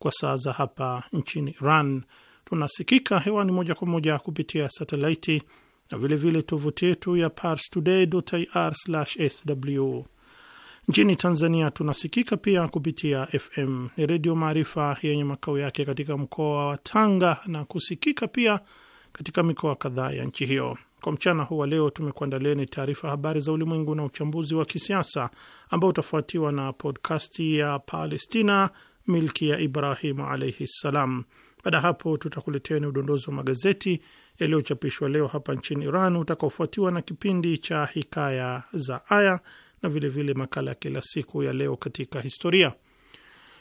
kwa saa za hapa nchini Iran. Tunasikika hewani moja kwa moja kupitia satelaiti na vilevile tovuti yetu ya parstoday.ir/sw. Nchini Tanzania tunasikika pia kupitia FM ni Redio Maarifa yenye makao yake katika mkoa wa Tanga na kusikika pia katika mikoa kadhaa ya nchi hiyo. Kwa mchana huu wa leo tumekuandalieni taarifa habari za ulimwengu na uchambuzi wa kisiasa ambao utafuatiwa na podkasti ya Palestina milki ya Ibrahimu alaihi ssalam. Baada ya hapo, tutakuleteni udondozi wa magazeti yaliyochapishwa leo hapa nchini Iran utakaofuatiwa na kipindi cha hikaya za aya na vilevile vile makala ya kila siku ya leo katika historia.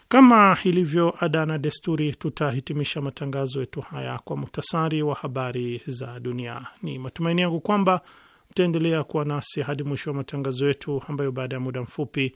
Kama ilivyo ada na desturi, tutahitimisha matangazo yetu haya kwa muhtasari wa habari za dunia. Ni matumaini yangu kwamba mtaendelea kuwa nasi hadi mwisho wa matangazo yetu, ambayo baada ya muda mfupi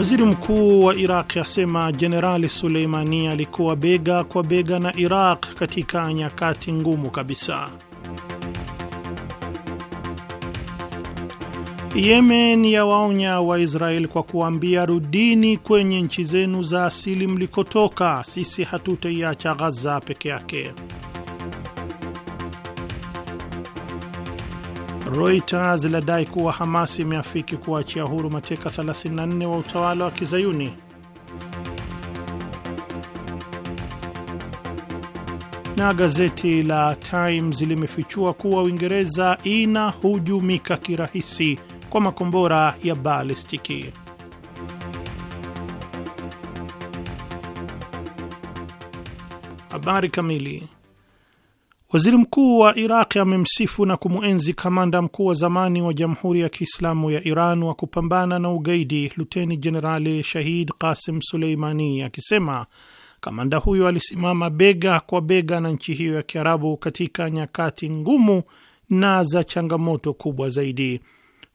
Waziri mkuu wa Iraq asema Jenerali Suleimani alikuwa bega kwa bega na Iraq katika nyakati ngumu kabisa. Yemen yawaonya waisrael kwa kuambia, rudini kwenye nchi zenu za asili mlikotoka, sisi hatutaiacha Ghaza peke yake. Reuters iladai kuwa Hamas imeafiki kuachia huru mateka 34 wa utawala wa Kizayuni. Na gazeti la Times limefichua kuwa Uingereza inahujumika kirahisi kwa makombora ya balistiki. Habari kamili Waziri mkuu wa Iraqi amemsifu na kumwenzi kamanda mkuu wa zamani wa Jamhuri ya Kiislamu ya Iran wa kupambana na ugaidi Luteni Jenerali Shahid Qasim Suleimani akisema kamanda huyo alisimama bega kwa bega na nchi hiyo ya Kiarabu katika nyakati ngumu na za changamoto kubwa zaidi.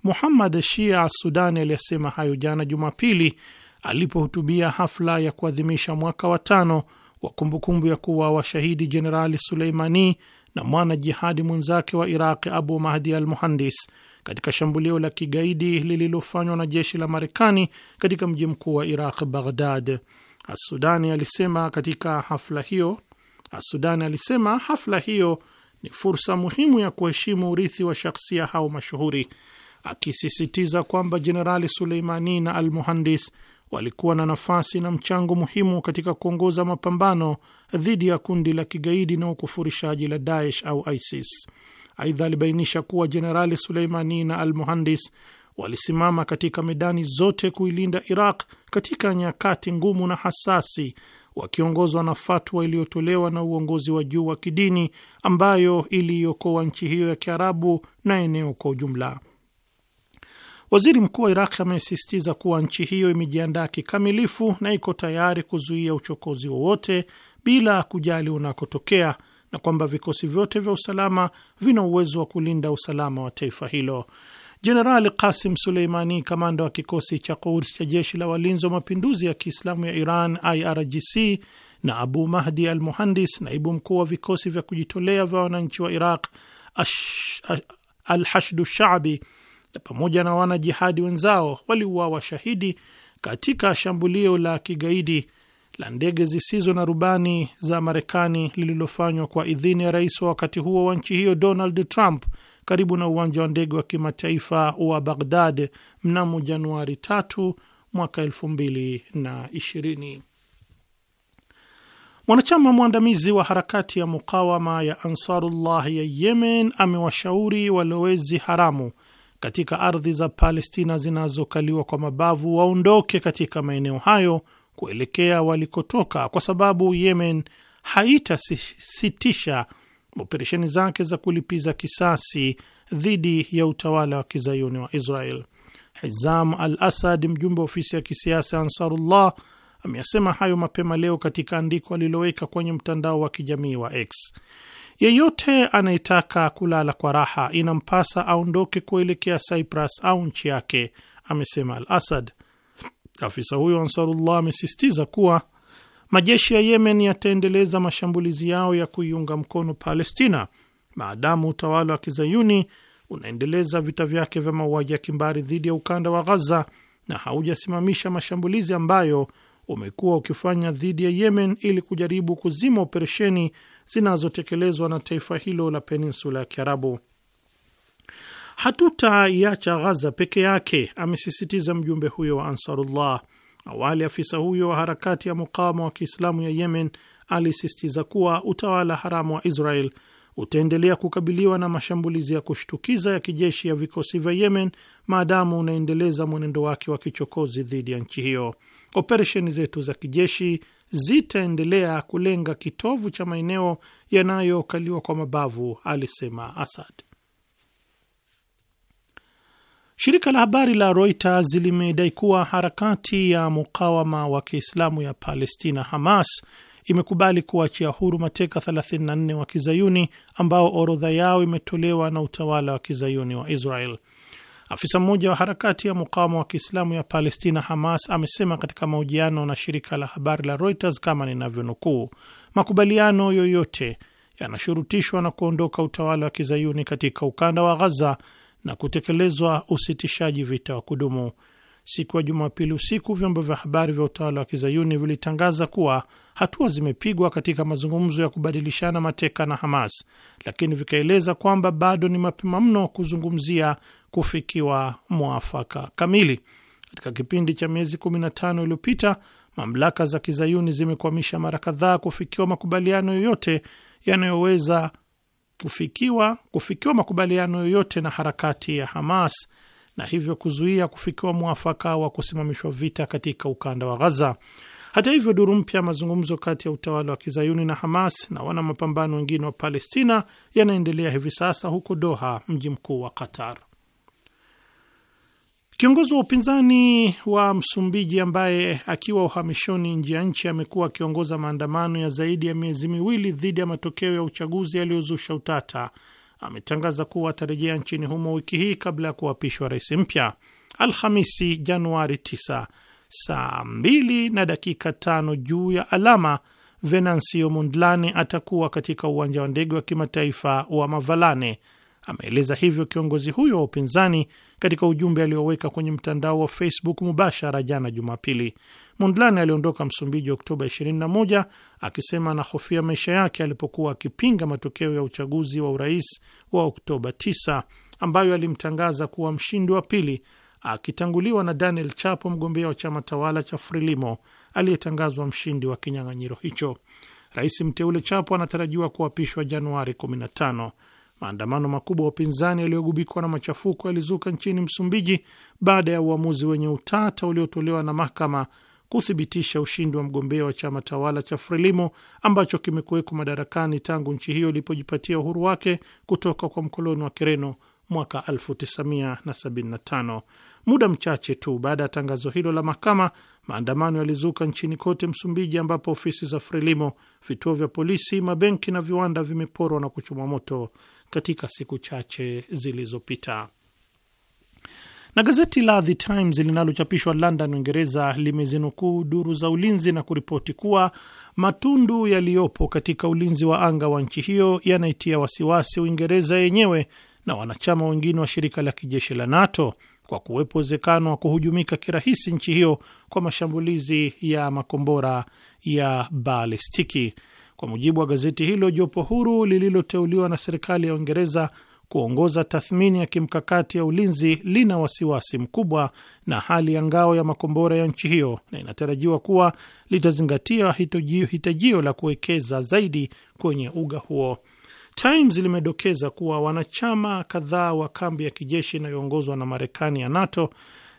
Muhammad Shia Sudani aliyesema hayo jana Jumapili alipohutubia hafla ya kuadhimisha mwaka wa tano wa kumbukumbu ya kuwa washahidi Jenerali Suleimani na mwana jihadi mwenzake wa Iraqi Abu Mahdi al Muhandis katika shambulio la kigaidi lililofanywa na jeshi la Marekani katika mji mkuu wa Iraq, Baghdad. Assudani alisema katika hafla hiyo, Assudani alisema hafla hiyo ni fursa muhimu ya kuheshimu urithi wa shakhsia hao mashuhuri, akisisitiza kwamba Jenerali Suleimani na al Muhandis walikuwa na nafasi na mchango muhimu katika kuongoza mapambano dhidi ya kundi la kigaidi na ukufurishaji la Daesh au ISIS. Aidha, alibainisha kuwa Jenerali Suleimani na Al Muhandis walisimama katika medani zote kuilinda Iraq katika nyakati ngumu na hasasi, wakiongozwa na fatwa iliyotolewa na uongozi wa juu wa kidini ambayo iliiokoa nchi hiyo ya Kiarabu na eneo kwa ujumla. Waziri mkuu wa Iraq amesisitiza kuwa nchi hiyo imejiandaa kikamilifu na iko tayari kuzuia uchokozi wowote bila kujali unakotokea na kwamba vikosi vyote vya usalama vina uwezo wa kulinda usalama wa taifa hilo. Jenerali Qasim Suleimani, kamanda wa kikosi cha Quds cha jeshi la walinzi wa mapinduzi ya Kiislamu ya Iran, IRGC, na Abu Mahdi al Muhandis, naibu mkuu wa vikosi vya kujitolea vya wananchi wa Iraq Hashdu Shaabi pamoja na wanajihadi wenzao waliuawa shahidi katika shambulio la kigaidi la ndege zisizo na rubani za Marekani lililofanywa kwa idhini ya rais wa wakati huo wa nchi hiyo Donald Trump karibu na uwanja wa ndege wa kimataifa wa Baghdad mnamo Januari 3 mwaka 2020. Mwanachama mwandamizi wa harakati ya mukawama ya Ansarullah ya Yemen amewashauri walowezi haramu katika ardhi za Palestina zinazokaliwa kwa mabavu waondoke katika maeneo hayo kuelekea walikotoka, kwa sababu Yemen haitasitisha operesheni zake za kulipiza kisasi dhidi ya utawala wa kizayuni wa Israel. Hizam al Asad, mjumbe wa ofisi ya kisiasa Ansarullah, ameyasema hayo mapema leo katika andiko aliloweka kwenye mtandao wa kijamii wa X. Yeyote anayetaka kulala kwa raha inampasa aondoke kuelekea Cyprus au nchi yake, amesema Al Asad. Afisa huyo Ansarullah amesisitiza kuwa majeshi ya Yemen yataendeleza mashambulizi yao ya kuiunga mkono Palestina maadamu utawala wa kizayuni unaendeleza vita vyake vya mauaji ya kimbari dhidi ya ukanda wa Ghaza na haujasimamisha mashambulizi ambayo umekuwa ukifanya dhidi ya Yemen ili kujaribu kuzima operesheni zinazotekelezwa na taifa hilo la peninsula ya Kiarabu. Hatutaiacha Ghaza peke yake, amesisitiza mjumbe huyo wa Ansarullah. Awali afisa huyo wa harakati ya mukawama wa Kiislamu ya Yemen alisisitiza kuwa utawala haramu wa Israel utaendelea kukabiliwa na mashambulizi ya kushtukiza ya kijeshi ya vikosi vya Yemen maadamu unaendeleza mwenendo wake wa kichokozi dhidi ya nchi hiyo. Operesheni zetu za kijeshi zitaendelea kulenga kitovu cha maeneo yanayokaliwa kwa mabavu, alisema Asad. Shirika la habari la Reuters limedai kuwa harakati ya mukawama wa Kiislamu ya Palestina, Hamas, imekubali kuachia huru mateka 34 wa kizayuni ambao orodha yao imetolewa na utawala wa kizayuni wa Israel. Afisa mmoja wa harakati ya mukawama wa Kiislamu ya Palestina, Hamas, amesema katika mahojiano na shirika la habari la Reuters kama ninavyonukuu, makubaliano yoyote yanashurutishwa na kuondoka utawala wa kizayuni katika ukanda wa Ghaza na kutekelezwa usitishaji vita wa kudumu. Siku ya Jumapili usiku vyombo vya habari vya utawala wa kizayuni vilitangaza kuwa hatua zimepigwa katika mazungumzo ya kubadilishana mateka na Hamas, lakini vikaeleza kwamba bado ni mapema mno kuzungumzia kufikiwa mwafaka kamili. Katika kipindi cha miezi 15 iliyopita, mamlaka za kizayuni zimekwamisha mara kadhaa kufikiwa makubaliano yoyote yanayoweza kufikiwa kufikiwa makubaliano yoyote na harakati ya Hamas na hivyo kuzuia kufikiwa mwafaka wa kusimamishwa vita katika ukanda wa Ghaza. Hata hivyo, duru mpya ya mazungumzo kati ya utawala wa kizayuni na Hamas na wana mapambano wengine wa Palestina yanaendelea hivi sasa huko Doha, mji mkuu wa Qatar. Kiongozi wa upinzani wa Msumbiji ambaye akiwa uhamishoni nje ya nchi amekuwa akiongoza maandamano ya zaidi ya miezi miwili dhidi ya matokeo ya uchaguzi yaliyozusha utata ametangaza kuwa atarejea nchini humo wiki hii kabla ya kuapishwa rais mpya Alhamisi Januari 9 saa 2 na dakika tano juu ya alama. Venancio Mondlane atakuwa katika uwanja wa ndege wa kimataifa wa Mavalane. Ameeleza hivyo kiongozi huyo wa upinzani katika ujumbe alioweka kwenye mtandao wa Facebook mubashara jana Jumapili. Mondlane aliondoka Msumbiji Oktoba 21 akisema anahofia maisha yake alipokuwa akipinga matokeo ya uchaguzi wa urais wa Oktoba 9 ambayo alimtangaza kuwa mshindi wa pili akitanguliwa na Daniel Chapo, mgombea wa chama tawala cha Frelimo aliyetangazwa mshindi wa kinyang'anyiro hicho. Rais mteule Chapo anatarajiwa kuapishwa Januari 15. Maandamano makubwa ya upinzani yaliyogubikwa na machafuko yalizuka nchini Msumbiji baada ya uamuzi wenye utata uliotolewa na mahakama kuthibitisha ushindi wa mgombea wa chama tawala cha Frelimo ambacho kimekuwekwa madarakani tangu nchi hiyo ilipojipatia uhuru wake kutoka kwa mkoloni wa Kireno mwaka 1975. Muda mchache tu baada ya tangazo hilo la mahakama, maandamano yalizuka nchini kote Msumbiji, ambapo ofisi za Frelimo, vituo vya polisi, mabenki na viwanda vimeporwa na kuchomwa moto katika siku chache zilizopita. Na gazeti la The Times linalochapishwa London, Uingereza, limezinukuu duru za ulinzi na kuripoti kuwa matundu yaliyopo katika ulinzi wa anga wa nchi hiyo yanaitia wasiwasi Uingereza yenyewe na wanachama wengine wa shirika la kijeshi la NATO kwa kuwepo uwezekano wa kuhujumika kirahisi nchi hiyo kwa mashambulizi ya makombora ya balistiki. Kwa mujibu wa gazeti hilo, jopo huru lililoteuliwa na serikali ya Uingereza kuongoza tathmini ya kimkakati ya ulinzi lina wasiwasi mkubwa na hali ya ngao ya makombora ya nchi hiyo na inatarajiwa kuwa litazingatia hitajio, la kuwekeza zaidi kwenye uga huo. Times limedokeza kuwa wanachama kadhaa wa kambi ya kijeshi inayoongozwa na Marekani ya NATO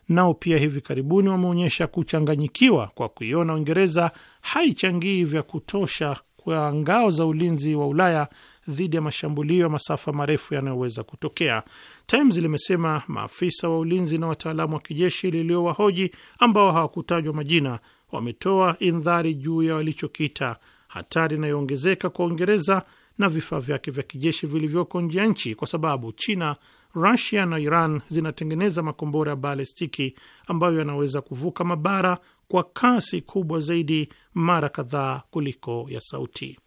nao pia hivi karibuni wameonyesha kuchanganyikiwa kwa kuiona Uingereza haichangii vya kutosha wa ngao za ulinzi wa Ulaya dhidi ya mashambulio ya masafa marefu yanayoweza kutokea. Times limesema maafisa wa ulinzi na wataalamu wa kijeshi liliowahoji, ambao hawakutajwa majina, wametoa indhari juu ya walichokita hatari inayoongezeka kwa Uingereza na vifaa vyake vya kijeshi vilivyoko nje ya nchi, kwa sababu China, Rusia na Iran zinatengeneza makombora ya balistiki ambayo yanaweza kuvuka mabara kwa kasi kubwa zaidi mara kadhaa kuliko ya sauti.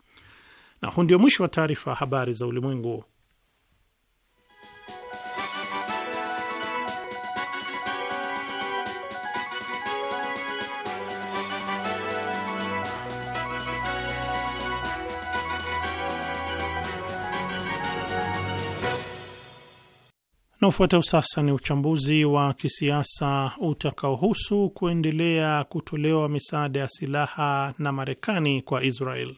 Na huu ndio mwisho wa taarifa habari za ulimwengu. Na ufuatao sasa ni uchambuzi wa kisiasa utakaohusu kuendelea kutolewa misaada ya silaha na Marekani kwa Israel.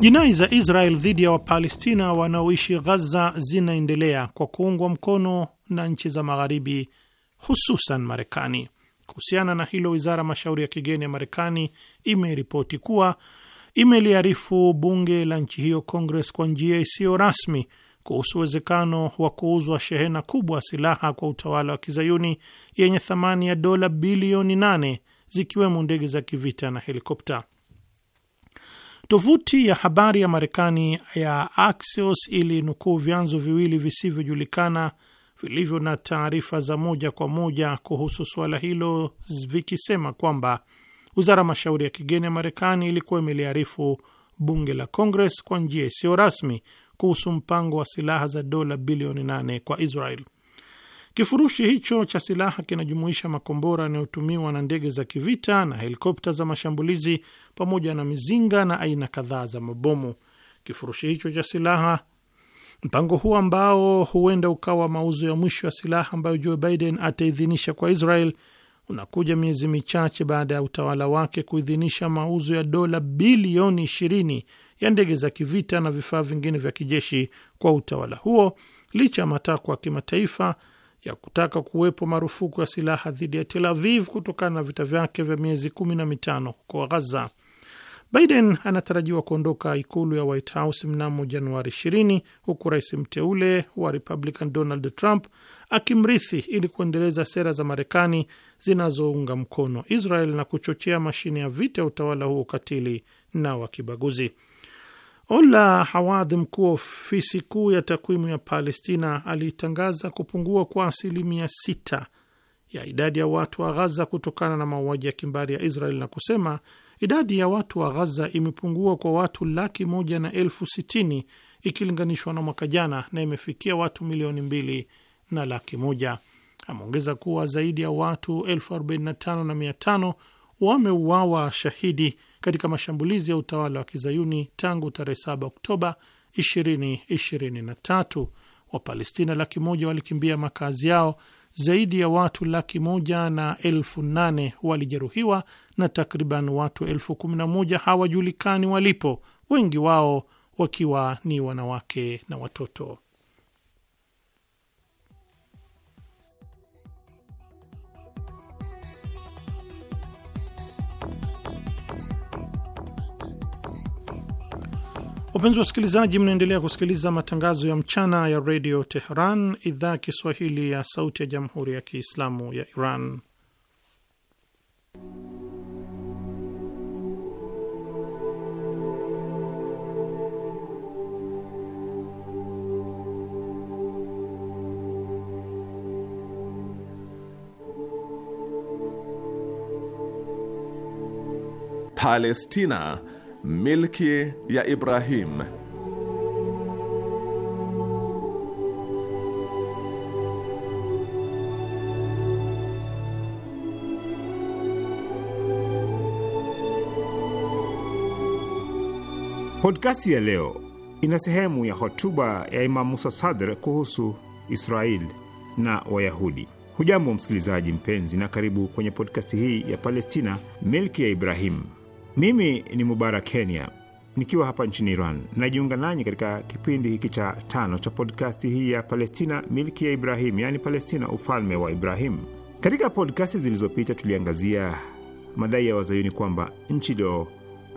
Jinai za Israel dhidi ya Wapalestina wanaoishi Ghaza zinaendelea kwa kuungwa mkono na nchi za Magharibi, hususan Marekani. Kuhusiana na hilo, wizara ya mashauri ya kigeni ya Marekani imeripoti kuwa imeliarifu bunge la nchi hiyo Congress kwa njia isiyo rasmi kuhusu uwezekano wa kuuzwa shehena kubwa silaha kwa utawala wa kizayuni yenye thamani ya dola bilioni 8 zikiwemo ndege za kivita na helikopta. Tovuti ya habari ya Marekani ya Axios ilinukuu vyanzo viwili visivyojulikana vilivyo na taarifa za moja kwa moja kuhusu suala hilo vikisema kwamba wizara ya mashauri ya kigeni ya Marekani ilikuwa imeliarifu bunge la Congress kwa njia isiyo rasmi kuhusu mpango wa silaha za dola bilioni 8 kwa Israel. Kifurushi hicho cha silaha kinajumuisha makombora yanayotumiwa na ndege za kivita na helikopta za mashambulizi pamoja na mizinga na aina kadhaa za mabomu. Kifurushi hicho cha silaha Mpango huo ambao huenda ukawa mauzo ya mwisho ya silaha ambayo Joe Biden ataidhinisha kwa Israel unakuja miezi michache baada ya utawala wake kuidhinisha mauzo ya dola bilioni 20 ya ndege za kivita na vifaa vingine vya kijeshi kwa utawala huo, licha ya matakwa ya kimataifa ya kutaka kuwepo marufuku ya silaha dhidi ya Tel Aviv kutokana na vita vyake vya miezi kumi na mitano huko Ghaza. Biden anatarajiwa kuondoka ikulu ya White House mnamo Januari 20 huku rais mteule wa Republican Donald Trump akimrithi ili kuendeleza sera za Marekani zinazounga mkono Israel na kuchochea mashine ya vita ya utawala huo katili na wa kibaguzi. Ola Hawadh, mkuu wa ofisi kuu ya takwimu ya Palestina, alitangaza kupungua kwa asilimia sita ya idadi ya watu wa Ghaza kutokana na mauaji ya kimbari ya Israel na kusema Idadi ya watu wa Ghaza imepungua kwa watu laki moja na elfu sitini ikilinganishwa na mwaka jana na imefikia watu milioni mbili na laki moja. Ameongeza kuwa zaidi ya watu elfu arobaini na tano na mia tano wameuawa shahidi katika mashambulizi ya utawala wa kizayuni tangu tarehe 7 Oktoba 2023. Wapalestina laki moja walikimbia makazi yao, zaidi ya watu laki moja na elfu nane walijeruhiwa na takriban watu elfu kumi na moja hawajulikani walipo, wengi wao wakiwa ni wanawake na watoto. Wapenzi wasikilizaji, mnaendelea kusikiliza matangazo ya mchana ya redio Teheran, idhaa ya Kiswahili ya sauti ya jamhuri ya kiislamu ya Iran. Palestina milki ya Ibrahim. Podkasti ya leo ina sehemu ya hotuba ya Imam Musa Sadr kuhusu Israel na Wayahudi. Hujambo msikilizaji mpenzi, na karibu kwenye podkasti hii ya Palestina milki ya Ibrahim mimi ni Mubarak Kenya nikiwa hapa nchini Iran. Najiunga nanyi katika kipindi hiki cha tano cha podkasti hii ya Palestina, milki ya Ibrahim, yaani Palestina, ufalme wa Ibrahim. Katika podkasti zilizopita tuliangazia madai ya wazayuni kwamba nchi leo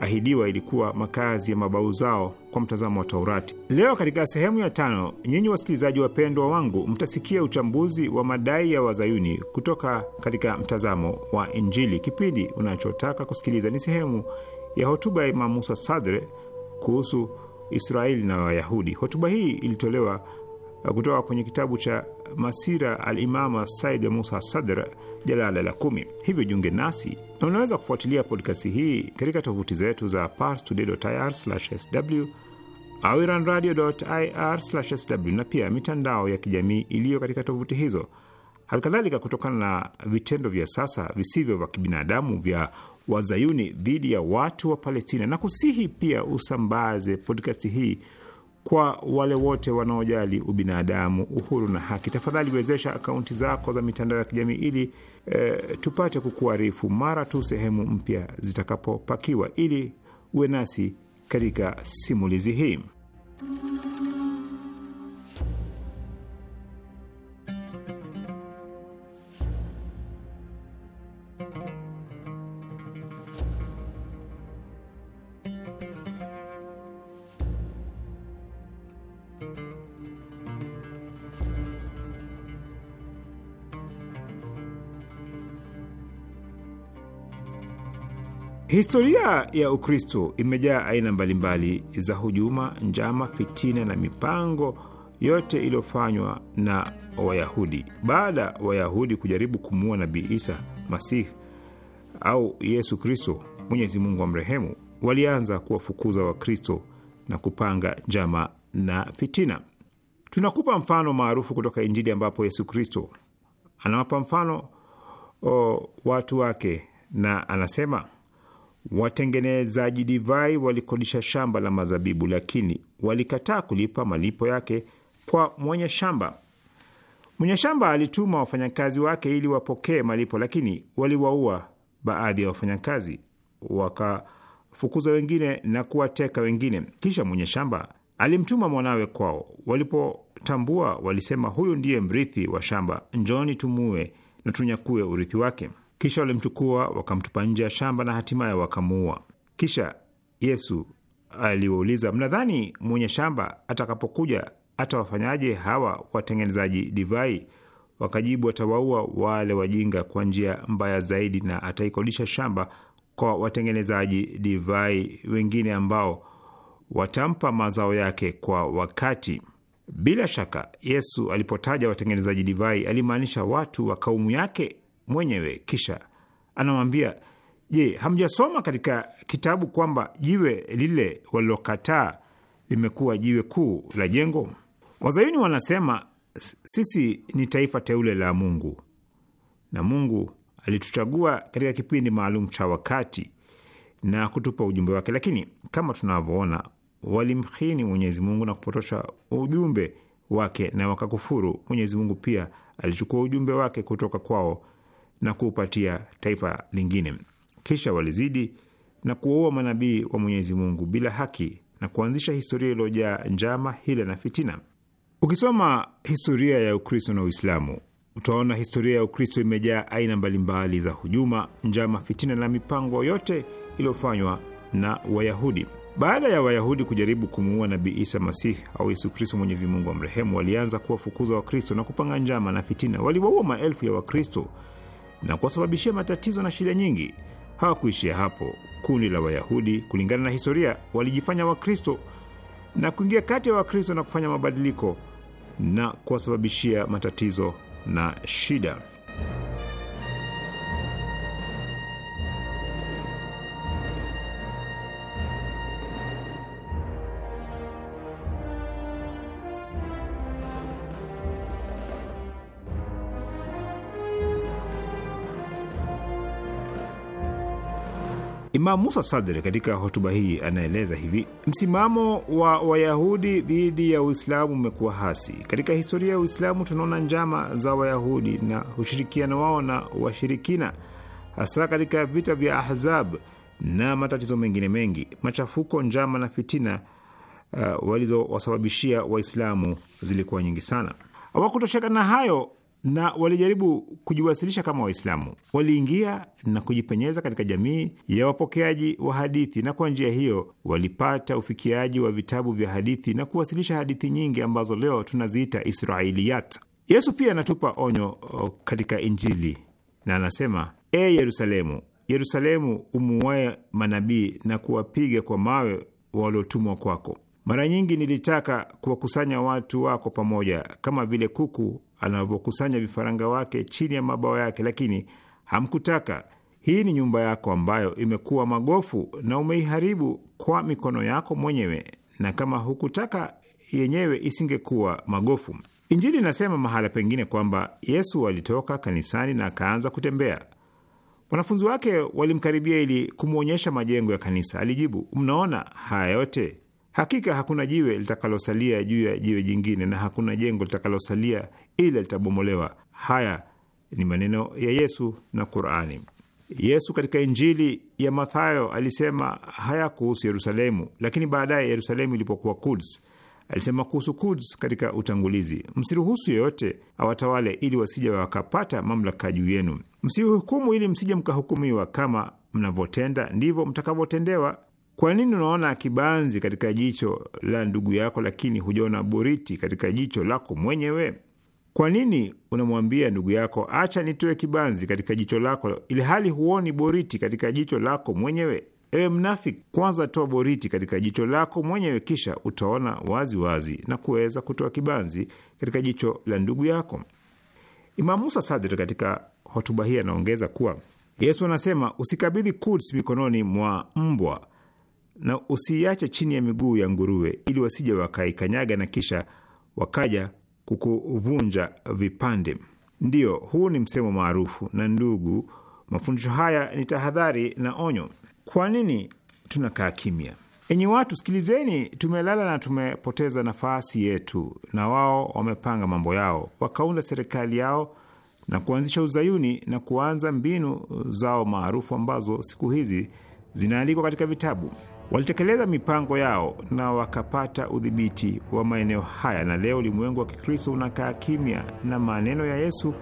ahidiwa ilikuwa makazi ya mabau zao kwa mtazamo wa Taurati. Leo katika sehemu ya tano, nyinyi wasikilizaji wapendwa wangu, mtasikia uchambuzi wa madai ya wazayuni kutoka katika mtazamo wa Injili. Kipindi unachotaka kusikiliza ni sehemu ya hotuba ya Imam Musa Sadre kuhusu Israeli na Wayahudi. Hotuba hii ilitolewa Eh, kutoka kwenye kitabu cha Masira Alimama Said Musa Sadr, jalala la kumi. Hivyo jiunge nasi na unaweza kufuatilia podkasti hii katika tovuti zetu za parstoday.ir/sw au iranradio.ir/sw na pia mitandao ya kijamii iliyo katika tovuti hizo. Halikadhalika, kutokana na vitendo vya sasa visivyo vya kibinadamu vya wazayuni dhidi ya watu wa Palestina, na kusihi pia usambaze podkasti hii kwa wale wote wanaojali ubinadamu, uhuru na haki. Tafadhali wezesha akaunti zako za mitandao ya kijamii ili e, tupate kukuarifu mara tu sehemu mpya zitakapopakiwa, ili uwe nasi katika simulizi hii. Historia ya Ukristo imejaa aina mbalimbali za hujuma, njama, fitina na mipango yote iliyofanywa na Wayahudi. Baada ya Wayahudi kujaribu kumuua Nabii Isa Masihi au Yesu Kristo, Mwenyezi Mungu amrehemu, walianza kuwafukuza Wakristo na kupanga njama na fitina. Tunakupa mfano maarufu kutoka Injili ambapo Yesu Kristo anawapa mfano o, watu wake na anasema Watengenezaji divai walikodisha shamba la mazabibu, lakini walikataa kulipa malipo yake kwa mwenye shamba. Mwenye shamba alituma wafanyakazi wake ili wapokee malipo, lakini waliwaua baadhi ya wafanyakazi, wakafukuza wengine na kuwateka wengine. Kisha mwenye shamba alimtuma mwanawe kwao. Walipotambua walisema, huyu ndiye mrithi wa shamba, njoni tumue na tunyakue urithi wake. Kisha walimchukua wakamtupa nje ya shamba na hatimaye wakamuua. Kisha Yesu aliwauliza, mnadhani mwenye shamba atakapokuja atawafanyaje hawa watengenezaji divai? Wakajibu, atawaua wale wajinga kwa njia mbaya zaidi, na ataikodisha shamba kwa watengenezaji divai wengine ambao watampa mazao yake kwa wakati. Bila shaka Yesu alipotaja watengenezaji divai alimaanisha watu wa kaumu yake mwenyewe. Kisha anamwambia, je, hamjasoma katika kitabu kwamba jiwe lile walilokataa limekuwa jiwe kuu la jengo? Wazayuni wanasema sisi ni taifa teule la Mungu na Mungu alituchagua katika kipindi maalum cha wakati na kutupa ujumbe wake, lakini kama tunavyoona walimhini Mwenyezi Mungu na kupotosha ujumbe wake na wakakufuru. Mwenyezi Mungu pia alichukua ujumbe wake kutoka kwao na kuupatia taifa lingine. Kisha walizidi na kuwaua manabii wa Mwenyezi Mungu bila haki na kuanzisha historia iliyojaa njama, hila na fitina. Ukisoma historia ya Ukristo na Uislamu utaona historia ya Ukristo imejaa aina mbalimbali za hujuma, njama, fitina na mipango yote iliyofanywa na Wayahudi. Baada ya Wayahudi kujaribu kumuua Nabii Isa Masihi au Yesu Kristo, Mwenyezi Mungu amrehemu, walianza kuwafukuza Wakristo na kupanga njama na fitina. Waliwaua maelfu ya Wakristo na kuwasababishia matatizo na shida nyingi. Hawakuishia hapo. Kundi la Wayahudi, kulingana na historia, walijifanya Wakristo na kuingia kati ya Wakristo na kufanya mabadiliko na kuwasababishia matatizo na shida. Imam Musa Sadri katika hotuba hii anaeleza hivi: msimamo wa Wayahudi dhidi ya Uislamu umekuwa hasi. Katika historia ya Uislamu tunaona njama za Wayahudi na ushirikiano wao na washirikina, hasa katika vita vya Ahzab na matatizo mengine mengi, machafuko, njama na fitina uh, walizowasababishia Waislamu zilikuwa nyingi sana. Hawakutosheka na hayo na walijaribu kujiwasilisha kama Waislamu. Waliingia na kujipenyeza katika jamii ya wapokeaji wa hadithi, na kwa njia hiyo walipata ufikiaji wa vitabu vya hadithi na kuwasilisha hadithi nyingi ambazo leo tunaziita Israiliyat. Yesu pia anatupa onyo oh, katika Injili na anasema, E Yerusalemu, Yerusalemu, umuwaye manabii na kuwapiga kwa mawe waliotumwa kwako. Mara nyingi nilitaka kuwakusanya watu wako pamoja kama vile kuku anavyokusanya vifaranga wake chini ya mabawa yake, lakini hamkutaka. Hii ni nyumba yako ambayo imekuwa magofu na umeiharibu kwa mikono yako mwenyewe, na kama hukutaka yenyewe isingekuwa magofu. Injili inasema mahala pengine kwamba Yesu alitoka kanisani na akaanza kutembea. Wanafunzi wake walimkaribia ili kumwonyesha majengo ya kanisa. Alijibu, mnaona haya yote? Hakika hakuna jiwe litakalosalia juu ya jiwe jingine na hakuna jengo litakalosalia ila litabomolewa. Haya ni maneno ya Yesu na Qurani. Yesu katika Injili ya Mathayo alisema haya kuhusu Yerusalemu, lakini baadaye Yerusalemu ilipokuwa Kuds alisema kuhusu Kuds katika utangulizi, msiruhusu yeyote awatawale ili wasija wakapata mamlaka juu yenu, msihukumu ili msije mkahukumiwa, kama mnavyotenda ndivyo mtakavyotendewa. Kwa nini unaona kibanzi katika jicho la ndugu yako, lakini hujaona boriti katika jicho lako mwenyewe? Kwa nini unamwambia ndugu yako, acha nitoe kibanzi katika jicho lako, ili hali huoni boriti katika jicho lako mwenyewe? Ewe mnafiki, kwanza toa boriti katika jicho lako mwenyewe, kisha utaona wazi wazi na kuweza kutoa kibanzi katika jicho la ndugu yako. Imam Musa Sadri katika hotuba hii anaongeza kuwa Yesu anasema, usikabidhi Quds mikononi mwa mbwa na usiiache chini ya miguu ya nguruwe, ili wasije wakaikanyaga na kisha wakaja kukuvunja vipande. Ndiyo, huu ni msemo maarufu. Na ndugu, mafundisho haya ni tahadhari na onyo. Kwa nini tunakaa kimya? Enyi watu, sikilizeni, tumelala na tumepoteza nafasi yetu, na wao wamepanga mambo yao, wakaunda serikali yao na kuanzisha uzayuni na kuanza mbinu zao maarufu ambazo siku hizi zinaalikwa katika vitabu. Walitekeleza mipango yao na wakapata udhibiti wa maeneo haya, na leo ulimwengu wa Kikristo unakaa kimya na maneno ya Yesu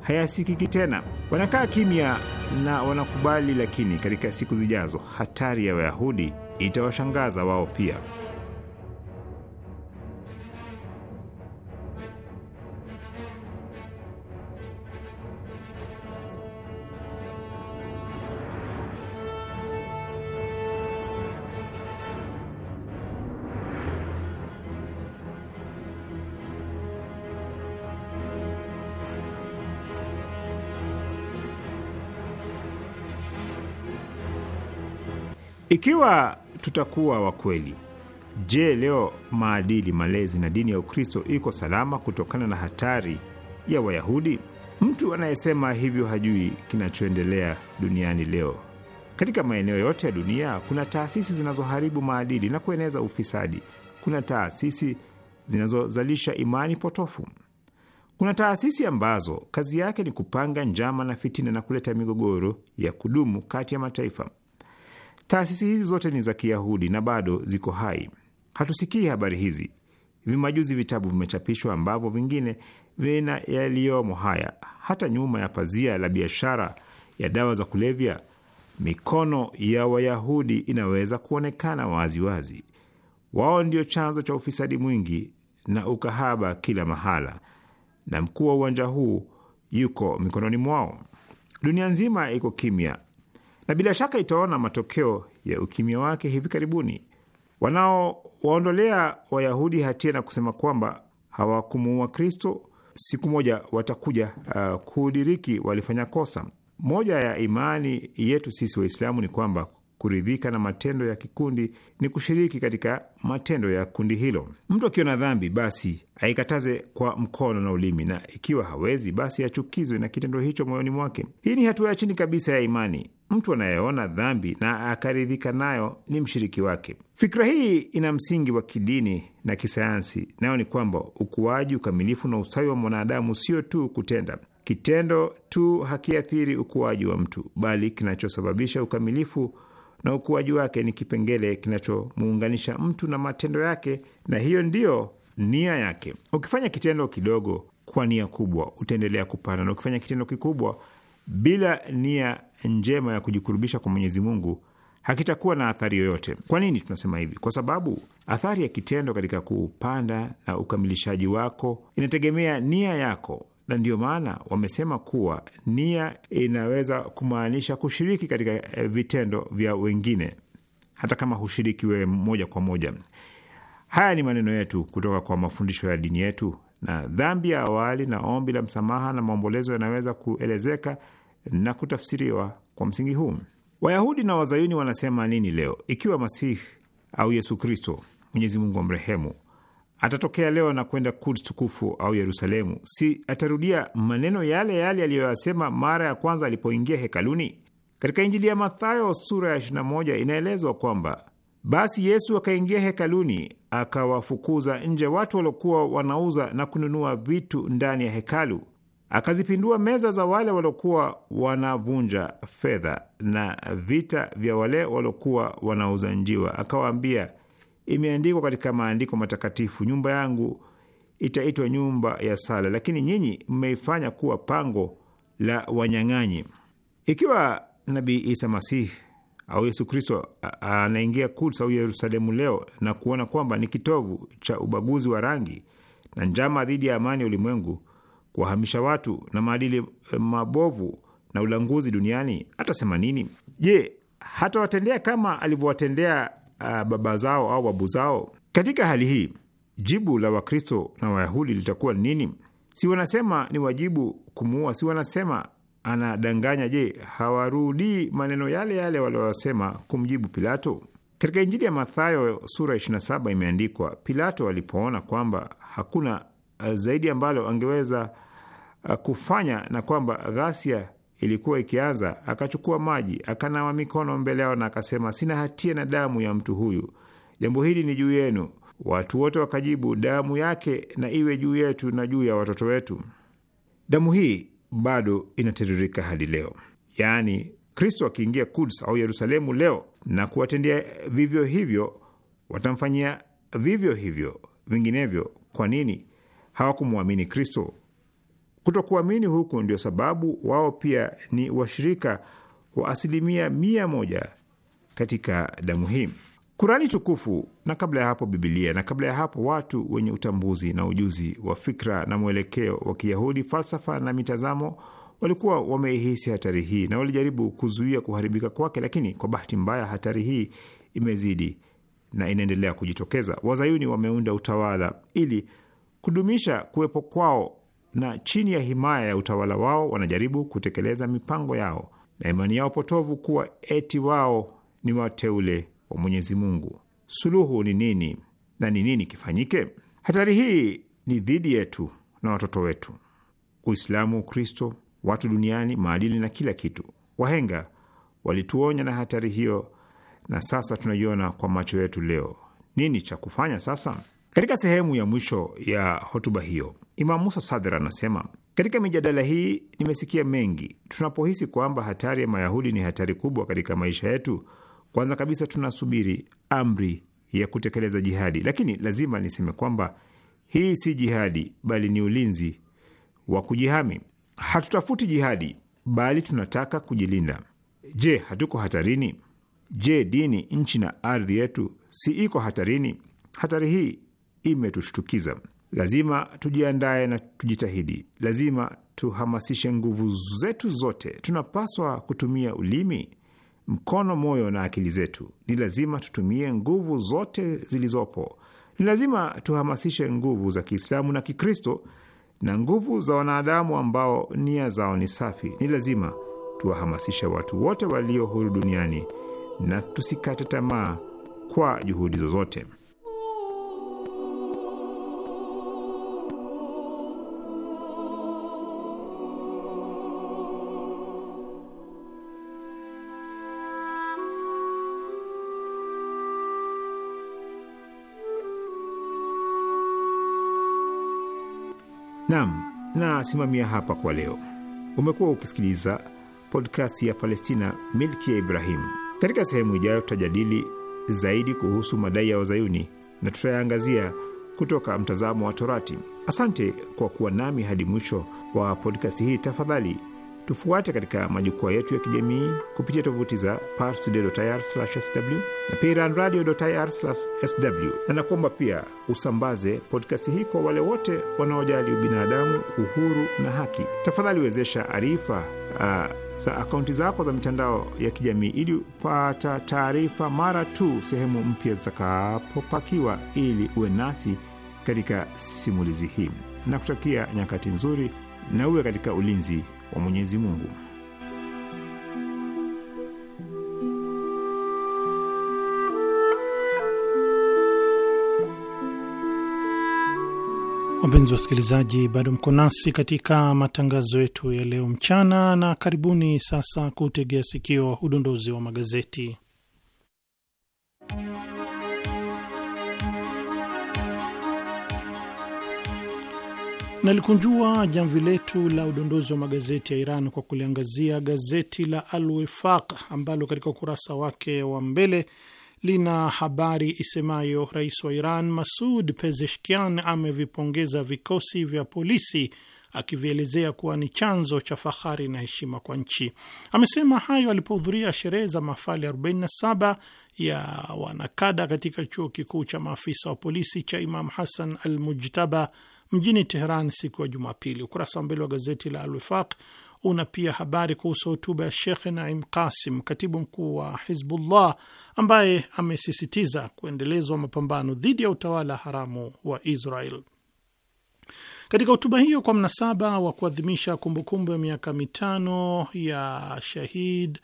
hayasikiki tena. Wanakaa kimya na wanakubali, lakini katika siku zijazo hatari ya Wayahudi itawashangaza wao pia. Ikiwa tutakuwa wa kweli, je, leo maadili, malezi na dini ya Ukristo iko salama kutokana na hatari ya Wayahudi? Mtu anayesema hivyo hajui kinachoendelea duniani leo. Katika maeneo yote ya dunia kuna taasisi zinazoharibu maadili na kueneza ufisadi. Kuna taasisi zinazozalisha imani potofu. Kuna taasisi ambazo kazi yake ni kupanga njama na fitina na kuleta migogoro ya kudumu kati ya mataifa. Taasisi hizi zote ni za Kiyahudi na bado ziko hai. Hatusikii habari hizi. Hivi majuzi vitabu vimechapishwa ambavyo vingine vina yaliyomo haya. Hata nyuma ya pazia la biashara ya dawa za kulevya, mikono ya Wayahudi inaweza kuonekana waziwazi wazi. Wao ndio chanzo cha ufisadi mwingi na ukahaba kila mahala, na mkuu wa uwanja huu yuko mikononi mwao. Dunia nzima iko kimya na bila shaka itaona matokeo ya ukimya wake hivi karibuni. Wanaowaondolea Wayahudi hatia na kusema kwamba hawakumuua Kristo, siku moja watakuja uh, kudiriki walifanya kosa. Moja ya imani yetu sisi Waislamu ni kwamba kuridhika na matendo ya kikundi ni kushiriki katika matendo ya kundi hilo. Mtu akiona dhambi, basi aikataze kwa mkono na ulimi, na ikiwa hawezi, basi achukizwe na kitendo hicho moyoni mwake. Hii ni hatua ya chini kabisa ya imani. Mtu anayeona dhambi na akaridhika nayo ni mshiriki wake. Fikra hii ina msingi wa kidini na kisayansi, nayo ni kwamba ukuaji, ukamilifu na ustawi wa mwanadamu sio tu kutenda. Kitendo tu hakiathiri ukuaji wa mtu, bali kinachosababisha ukamilifu na ukuaji wake ni kipengele kinachomuunganisha mtu na matendo yake, na hiyo ndiyo nia yake. Ukifanya kitendo kidogo kwa nia kubwa, utaendelea kupanda, na ukifanya kitendo kikubwa bila nia njema ya kujikurubisha kwa Mwenyezi Mungu hakitakuwa na athari yoyote. Kwa nini tunasema hivi? Kwa sababu athari ya kitendo katika kuupanda na ukamilishaji wako inategemea nia yako, na ndiyo maana wamesema kuwa nia inaweza kumaanisha kushiriki katika eh, vitendo vya wengine hata kama hushiriki wewe moja kwa moja. Haya ni maneno yetu kutoka kwa mafundisho ya dini yetu, na dhambi ya awali na ombi la msamaha na maombolezo yanaweza kuelezeka na kutafsiriwa kwa msingi huu. Wayahudi na Wazayuni wanasema nini leo? Ikiwa Masihi au Yesu Kristo, Mwenyezi Mungu wa mrehemu, atatokea leo na kwenda Kuds tukufu au Yerusalemu, si atarudia maneno yale yale aliyoyasema mara ya kwanza alipoingia hekaluni? Katika Injili ya Mathayo sura ya 21 inaelezwa kwamba basi Yesu akaingia hekaluni akawafukuza nje watu waliokuwa wanauza na kununua vitu ndani ya hekalu, akazipindua meza za wale waliokuwa wanavunja fedha na vita vya wale waliokuwa wanauza njiwa. Akawaambia, imeandikwa katika maandiko matakatifu, nyumba yangu itaitwa nyumba ya sala, lakini nyinyi mmeifanya kuwa pango la wanyang'anyi. Ikiwa Nabii Isa masihi au Yesu Kristo anaingia Kuds au Yerusalemu leo na kuona kwamba ni kitovu cha ubaguzi wa rangi na njama dhidi ya amani ya ulimwengu kuwahamisha watu na maadili eh, mabovu na ulanguzi duniani atasema nini? Je, hatawatendea kama alivyowatendea uh, baba zao au babu zao? Katika hali hii, jibu la Wakristo na Wayahudi litakuwa nini? Si wanasema ni wajibu kumuua? Si wanasema anadanganya? Je, hawarudii maneno yale yale waliowasema kumjibu Pilato? Katika Injili ya Mathayo sura 27 imeandikwa, Pilato alipoona kwamba hakuna Eh, zaidi ambalo angeweza eh, kufanya na kwamba ghasia ilikuwa ikianza, akachukua maji akanawa mikono mbele yao na akasema, sina hatia na damu ya mtu huyu, jambo hili ni juu yenu. Watu wote wakajibu, damu yake na iwe juu yetu na juu ya watoto wetu. Damu hii bado inatiririka hadi leo. Yaani, Kristo akiingia Kuds au Yerusalemu leo na kuwatendea vivyo hivyo, watamfanyia vivyo hivyo. Vinginevyo, kwa nini hawakumwamini Kristo. Kutokuamini huku ndio sababu wao pia ni washirika wa asilimia mia moja katika damu hii, Kurani tukufu, na kabla ya hapo Bibilia, na kabla ya hapo watu wenye utambuzi na ujuzi wa fikra na mwelekeo wa Kiyahudi, falsafa na mitazamo walikuwa wameihisi hatari hii na walijaribu kuzuia kuharibika kwake, lakini kwa bahati mbaya hatari hii imezidi na inaendelea kujitokeza. Wazayuni wameunda utawala ili kudumisha kuwepo kwao na chini ya himaya ya utawala wao wanajaribu kutekeleza mipango yao na imani yao potovu kuwa eti wao ni wateule wa Mwenyezi Mungu. Suluhu ni nini na ni nini kifanyike? Hatari hii ni dhidi yetu na watoto wetu. Uislamu, Ukristo, watu duniani, maadili na kila kitu. Wahenga walituonya na hatari hiyo, na sasa tunaiona kwa macho yetu leo. Nini cha kufanya sasa? Katika sehemu ya mwisho ya hotuba hiyo, Imam Musa Sadr anasema katika mijadala hii nimesikia mengi. Tunapohisi kwamba hatari ya Mayahudi ni hatari kubwa katika maisha yetu, kwanza kabisa tunasubiri amri ya kutekeleza jihadi, lakini lazima niseme kwamba hii si jihadi, bali ni ulinzi wa kujihami. Hatutafuti jihadi, bali tunataka kujilinda. Je, hatuko hatarini? Je, dini, nchi na ardhi yetu si iko hatarini? Hatari hii imetushtukiza. Lazima tujiandae na tujitahidi. Lazima tuhamasishe nguvu zetu zote. Tunapaswa kutumia ulimi, mkono, moyo na akili zetu. Ni lazima tutumie nguvu zote zilizopo. Ni lazima tuhamasishe nguvu za Kiislamu na Kikristo na nguvu za wanadamu ambao nia zao ni safi. Ni lazima tuwahamasishe watu wote walio huru duniani na tusikate tamaa kwa juhudi zozote. Naam, nasimamia hapa kwa leo. Umekuwa ukisikiliza podcast ya Palestina, milki ya Ibrahim. Katika sehemu ijayo, tutajadili zaidi kuhusu madai ya Wazayuni na tutayaangazia kutoka mtazamo wa Torati. Asante kwa kuwa nami hadi mwisho wa podkasti hii. Tafadhali Tufuate katika majukwaa yetu ya kijamii kupitia tovuti za parstoday.ir/sw na pia sw na nakuomba pia usambaze podkasti hii kwa wale wote wanaojali ubinadamu, uhuru na haki. Tafadhali wezesha arifa uh, za akaunti zako za mitandao ya kijamii ili upata taarifa mara tu sehemu mpya zitakapopakiwa, ili uwe nasi katika simulizi hii, na kutakia nyakati nzuri na uwe katika ulinzi wa Mwenyezi Mungu. Wapenzi wasikilizaji, bado mko nasi katika matangazo yetu ya leo mchana, na karibuni sasa kutegea sikio udondozi wa magazeti. Nalikunjua jamvi letu la udondozi wa magazeti ya Iran kwa kuliangazia gazeti la Al Wefaq ambalo katika ukurasa wake wa mbele lina habari isemayo rais wa Iran Masud Pezeshkian amevipongeza vikosi vya polisi akivielezea kuwa ni chanzo cha fahari na heshima kwa nchi. Amesema hayo alipohudhuria sherehe za mafali 47 ya wanakada katika chuo kikuu cha maafisa wa polisi cha Imam Hassan al Mujtaba mjini Teheran siku ya Jumapili. Ukurasa wa mbele wa gazeti la Alwifaq una pia habari kuhusu hotuba ya Shekh Naim Qasim, katibu mkuu wa Hizbullah, ambaye amesisitiza kuendelezwa mapambano dhidi ya utawala haramu wa Israel. Katika hotuba hiyo kwa mnasaba wa kuadhimisha kumbukumbu ya miaka mitano ya shahid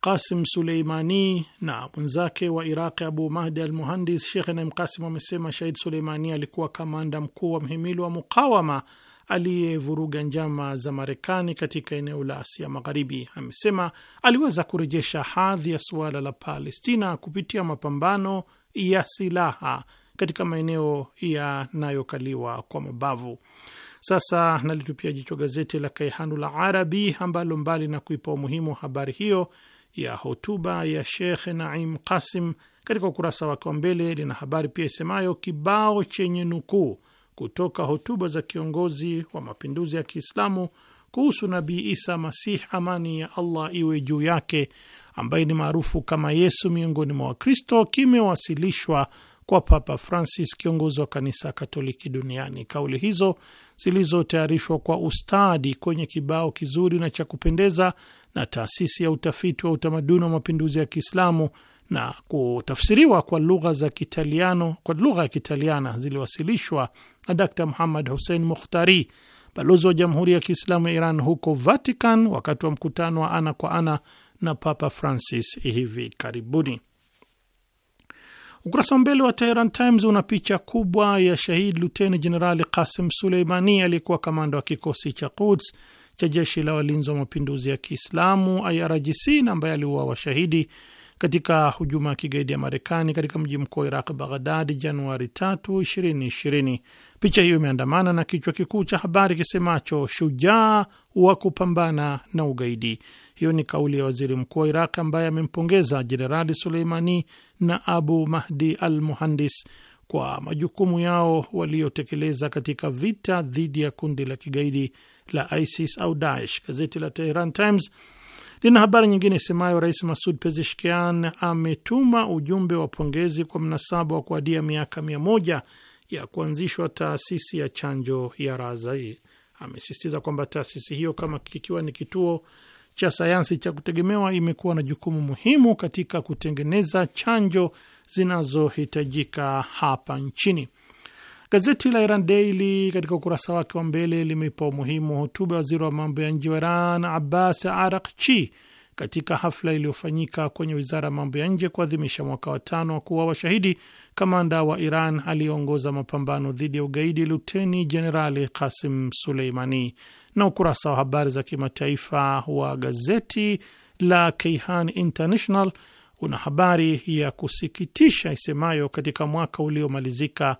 Qasim Suleimani na mwenzake wa Iraqi Abu Mahdi al Muhandis, Shekh Naim Qasim amesema Shahid Suleimani alikuwa kamanda mkuu wa mhimili wa mukawama aliyevuruga njama za Marekani katika eneo la Asia Magharibi. Amesema aliweza kurejesha hadhi ya suala la Palestina kupitia mapambano ya silaha katika maeneo yanayokaliwa kwa mabavu. Sasa nalitupia jicho gazeti la Kaihanul Arabi ambalo mbali na kuipa umuhimu habari hiyo ya hotuba ya Sheikh Naim Qasim katika ukurasa wake wa mbele lina habari pia isemayo kibao chenye nukuu kutoka hotuba za kiongozi wa mapinduzi ya Kiislamu kuhusu Nabii Isa Masih, amani ya Allah iwe juu yake, ambaye ni maarufu kama Yesu miongoni mwa Wakristo, kimewasilishwa kwa Papa Francis, kiongozi wa kanisa Katoliki duniani. Kauli hizo zilizotayarishwa kwa ustadi kwenye kibao kizuri na cha kupendeza na taasisi ya utafiti wa utamaduni wa mapinduzi ya Kiislamu na kutafsiriwa kwa lugha za Kitaliano kwa lugha ya Kitaliana ziliwasilishwa na Dr Muhammad Hussein Mukhtari, balozi wa Jamhuri ya Kiislamu ya Iran huko Vatican, wakati wa mkutano wa ana kwa ana na Papa Francis hivi karibuni. Ukurasa wa mbele wa teheran Times una picha kubwa ya shahid luteni jenerali Qasim Suleimani aliyekuwa kamanda wa kikosi cha Quds cha jeshi la walinzi wa mapinduzi ya Kiislamu IRGC na ambaye aliuawa washahidi katika hujuma ya kigaidi ya Marekani katika mji mkuu wa Iraq, Baghdadi, Januari 3, 2020. Picha hiyo imeandamana na kichwa kikuu cha habari kisemacho shujaa wa kupambana na ugaidi. Hiyo ni kauli ya waziri mkuu wa Iraq ambaye amempongeza Jenerali Suleimani na Abu Mahdi al Muhandis kwa majukumu yao waliotekeleza katika vita dhidi ya kundi la kigaidi la ISIS au Daesh. Gazeti la Tehran Times lina habari nyingine isemayo Rais Masud Pezeshkian ametuma ujumbe wa pongezi kwa mnasaba wa kuadia miaka mia moja ya kuanzishwa taasisi ya chanjo ya Razai. Amesisitiza kwamba taasisi hiyo kama kikiwa ni kituo cha sayansi cha kutegemewa imekuwa na jukumu muhimu katika kutengeneza chanjo zinazohitajika hapa nchini. Gazeti la Iran Daily katika ukurasa wake wa mbele limeipa umuhimu hotuba ya waziri wa mambo ya nje wa Iran Abbas Arakchi katika hafla iliyofanyika kwenye wizara ya mambo ya nje kuadhimisha mwaka wa tano wa kuwa washahidi kamanda wa Iran aliyeongoza mapambano dhidi ya ugaidi Luteni Jenerali Kasim Suleimani. Na ukurasa wa habari za kimataifa wa gazeti la Keihan International una habari ya kusikitisha isemayo, katika mwaka uliomalizika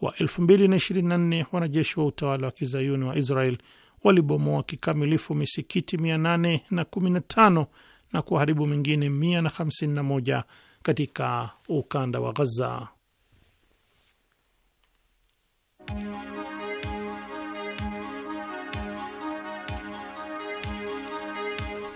wa 2024 wanajeshi wa utawala wa kizayuni wa Israel walibomoa kikamilifu misikiti 815 na kuharibu mingine 151 katika ukanda wa Ghaza.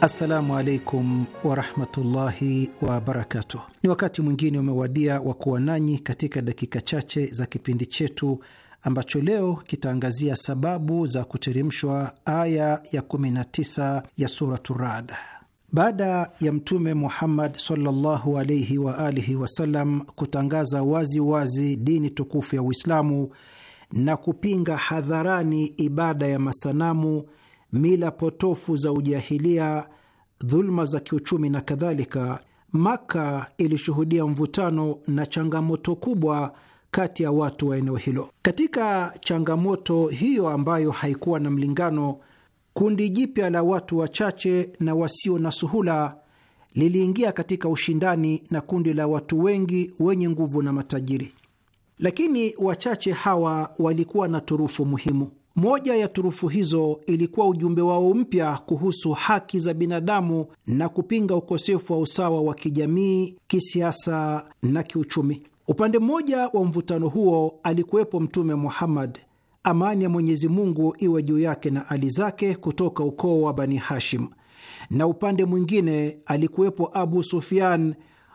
Assalamu alaikum warahmatullahi wabarakatuh. Ni wakati mwingine umewadia wa kuwa nanyi katika dakika chache za kipindi chetu ambacho leo kitaangazia sababu za kuteremshwa aya ya 19 ya Suratu Rad. Baada ya Mtume Muhammad sallallahu alaihi wa alihi wasallam kutangaza wazi wazi dini tukufu ya Uislamu na kupinga hadharani ibada ya masanamu mila potofu za ujahilia, dhuluma za kiuchumi na kadhalika, Maka ilishuhudia mvutano na changamoto kubwa kati ya watu wa eneo hilo. Katika changamoto hiyo ambayo haikuwa na mlingano, kundi jipya la watu wachache na wasio na suhula liliingia katika ushindani na kundi la watu wengi wenye nguvu na matajiri, lakini wachache hawa walikuwa na turufu muhimu. Moja ya turufu hizo ilikuwa ujumbe wao mpya kuhusu haki za binadamu na kupinga ukosefu wa usawa wa kijamii, kisiasa na kiuchumi. Upande mmoja wa mvutano huo alikuwepo Mtume Muhammad, amani ya Mwenyezi Mungu iwe juu yake na ali zake, kutoka ukoo wa Bani Hashim, na upande mwingine alikuwepo Abu Sufyan,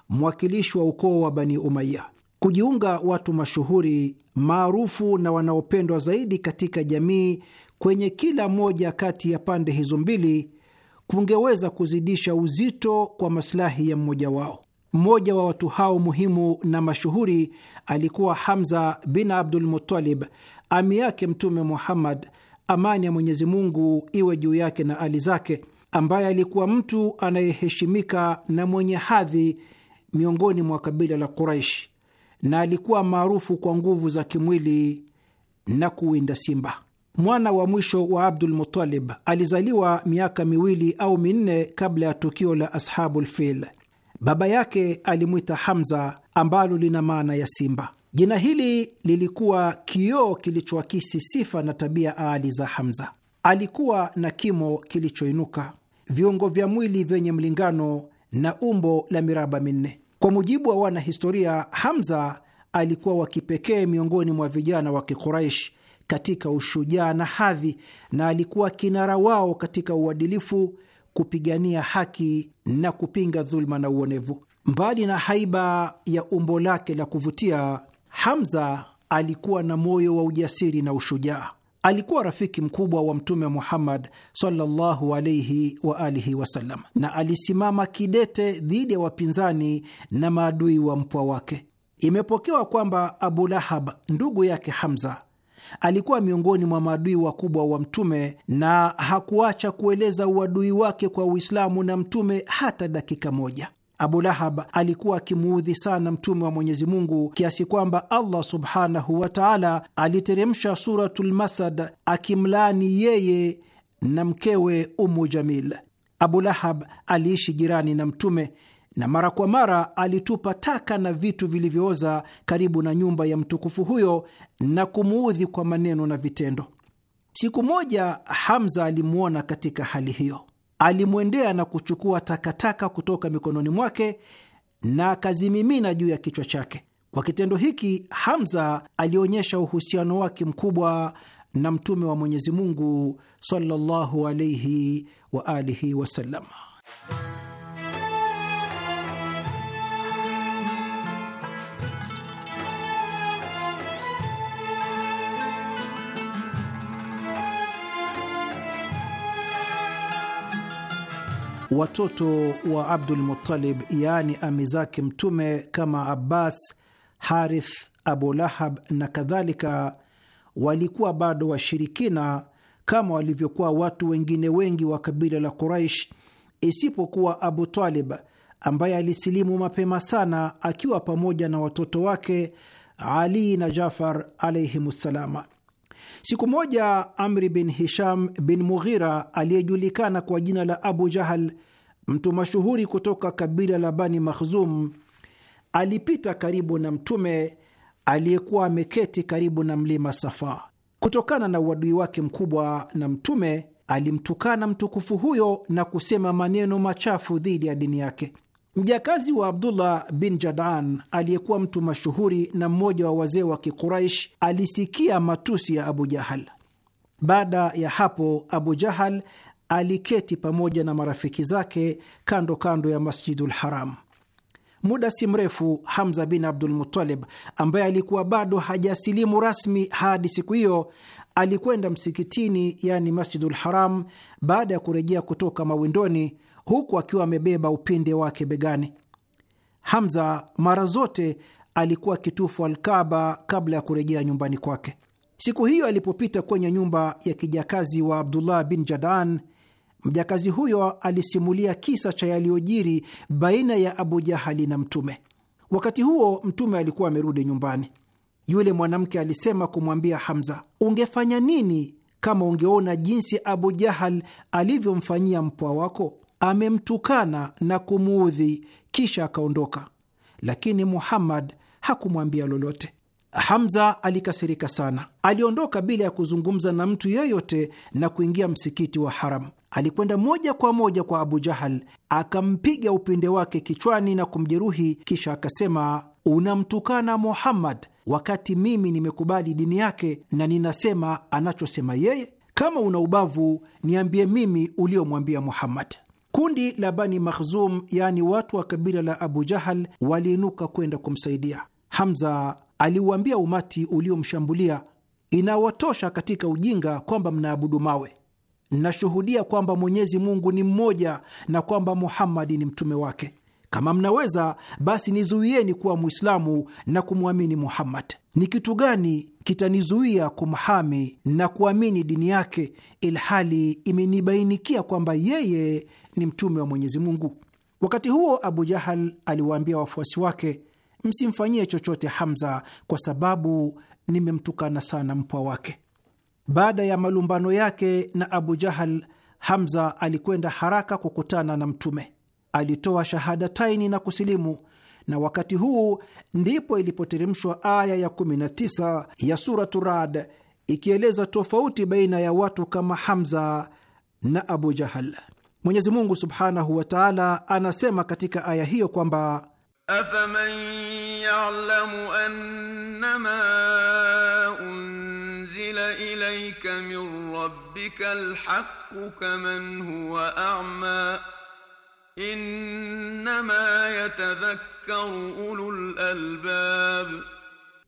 mwakilishi wa ukoo wa Bani Umaya kujiunga watu mashuhuri maarufu na wanaopendwa zaidi katika jamii kwenye kila moja kati ya pande hizo mbili kungeweza kuzidisha uzito kwa masilahi ya mmoja wao. Mmoja wa watu hao muhimu na mashuhuri alikuwa Hamza bin Abdul Muttalib, ami yake Mtume Muhammad, amani ya Mwenyezi Mungu iwe juu yake na ali zake, ambaye alikuwa mtu anayeheshimika na mwenye hadhi miongoni mwa kabila la Quraishi na alikuwa maarufu kwa nguvu za kimwili na kuwinda simba. Mwana wa mwisho wa Abdul Mutalib alizaliwa miaka miwili au minne kabla ya tukio la Ashabu lfil. Baba yake alimwita Hamza, ambalo lina maana ya simba. Jina hili lilikuwa kioo kilichoakisi sifa na tabia aali za Hamza. Alikuwa na kimo kilichoinuka, viungo vya mwili vyenye mlingano na umbo la miraba minne. Kwa mujibu wa wanahistoria, Hamza alikuwa wa kipekee miongoni mwa vijana wa Kikuraish katika ushujaa na hadhi, na alikuwa kinara wao katika uadilifu, kupigania haki na kupinga dhuluma na uonevu. Mbali na haiba ya umbo lake la kuvutia, Hamza alikuwa na moyo wa ujasiri na ushujaa alikuwa rafiki mkubwa wa Mtume Muhammad sallallahu alaihi wa alihi wasallam, na alisimama kidete dhidi ya wapinzani na maadui wa mpwa wake. Imepokewa kwamba Abu Lahab ndugu yake Hamza alikuwa miongoni mwa maadui wakubwa wa Mtume na hakuacha kueleza uadui wake kwa Uislamu na Mtume hata dakika moja. Abu Lahab alikuwa akimuudhi sana Mtume wa Mwenyezi Mungu kiasi kwamba Allah subhanahu wa taala aliteremsha Suratul Masad akimlaani yeye na mkewe Umu Jamil. Abu Lahab aliishi jirani na Mtume na mara kwa mara alitupa taka na vitu vilivyooza karibu na nyumba ya mtukufu huyo na kumuudhi kwa maneno na vitendo. Siku moja Hamza alimwona katika hali hiyo alimwendea na kuchukua takataka kutoka mikononi mwake na akazimimina juu ya kichwa chake. Kwa kitendo hiki, Hamza alionyesha uhusiano wake mkubwa na Mtume wa Mwenyezi Mungu sallallahu alaihi wa alihi wasallam. watoto wa Abdul Muttalib, yaani ami zake Mtume kama Abbas, Harith, Abu Lahab na kadhalika, walikuwa bado washirikina kama walivyokuwa watu wengine wengi wa kabila la Quraish, isipokuwa Abu Talib ambaye alisilimu mapema sana akiwa pamoja na watoto wake Ali na Jafar ssalama Siku moja Amri bin Hisham bin Mughira aliyejulikana kwa jina la Abu Jahal, mtu mashuhuri kutoka kabila la Bani Makhzum, alipita karibu na Mtume aliyekuwa ameketi karibu na mlima Safa. Kutokana na uadui wake mkubwa na Mtume, alimtukana mtukufu huyo na kusema maneno machafu dhidi ya dini yake. Mjakazi wa Abdullah bin Jadan aliyekuwa mtu mashuhuri na mmoja wa wazee wa Kiquraish alisikia matusi ya Abu Jahal. Baada ya hapo, Abu Jahal aliketi pamoja na marafiki zake kando kando ya Masjidul Haram. Muda si mrefu Hamza bin Abdulmutalib ambaye alikuwa bado hajasilimu rasmi hadi siku hiyo alikwenda msikitini, yani Masjidul Haram, baada ya kurejea kutoka mawindoni huku akiwa amebeba upinde wake begani. Hamza mara zote alikuwa akitufu Alkaba kabla ya kurejea nyumbani kwake. Siku hiyo alipopita kwenye nyumba ya kijakazi wa Abdullah bin Jadan, mjakazi huyo alisimulia kisa cha yaliyojiri baina ya Abu Jahali na Mtume. Wakati huo Mtume alikuwa amerudi nyumbani. Yule mwanamke alisema kumwambia Hamza, ungefanya nini kama ungeona jinsi Abu Jahal alivyomfanyia mpwa wako? amemtukana na kumuudhi, kisha akaondoka, lakini Muhammad hakumwambia lolote. Hamza alikasirika sana. Aliondoka bila ya kuzungumza na mtu yeyote na kuingia msikiti wa Haram. Alikwenda moja kwa moja kwa Abu Jahal, akampiga upinde wake kichwani na kumjeruhi, kisha akasema, unamtukana Muhammad wakati mimi nimekubali dini yake na ninasema anachosema yeye. Kama una ubavu niambie mimi uliomwambia Muhammad. Kundi la Bani Makhzum, yaani watu wa kabila la Abu Jahal, waliinuka kwenda kumsaidia Hamza. Aliuambia umati uliomshambulia, inawatosha katika ujinga kwamba mnaabudu mawe. Nashuhudia kwamba Mwenyezi Mungu ni mmoja na kwamba Muhammadi ni mtume wake. Kama mnaweza basi nizuieni kuwa Mwislamu na kumwamini Muhammad. Ni kitu gani kitanizuia kumhami na kuamini dini yake, ilhali imenibainikia kwamba yeye ni mtume wa Mwenyezi Mungu? Wakati huo Abu Jahal aliwaambia wafuasi wake, msimfanyie chochote Hamza kwa sababu nimemtukana sana mpwa wake. Baada ya malumbano yake na Abu Jahal, Hamza alikwenda haraka kukutana na Mtume alitoa shahadataini na kusilimu, na wakati huu ndipo ilipoteremshwa aya ya 19 ya Suratu Rad ikieleza tofauti baina ya watu kama Hamza na Abu Jahal. Mwenyezi Mungu subhanahu wa taala anasema katika aya hiyo kwamba afaman yalamu annama unzila ilayka min rabbika alhaqu kaman huwa ama innama yatadhakkaru ulul albab,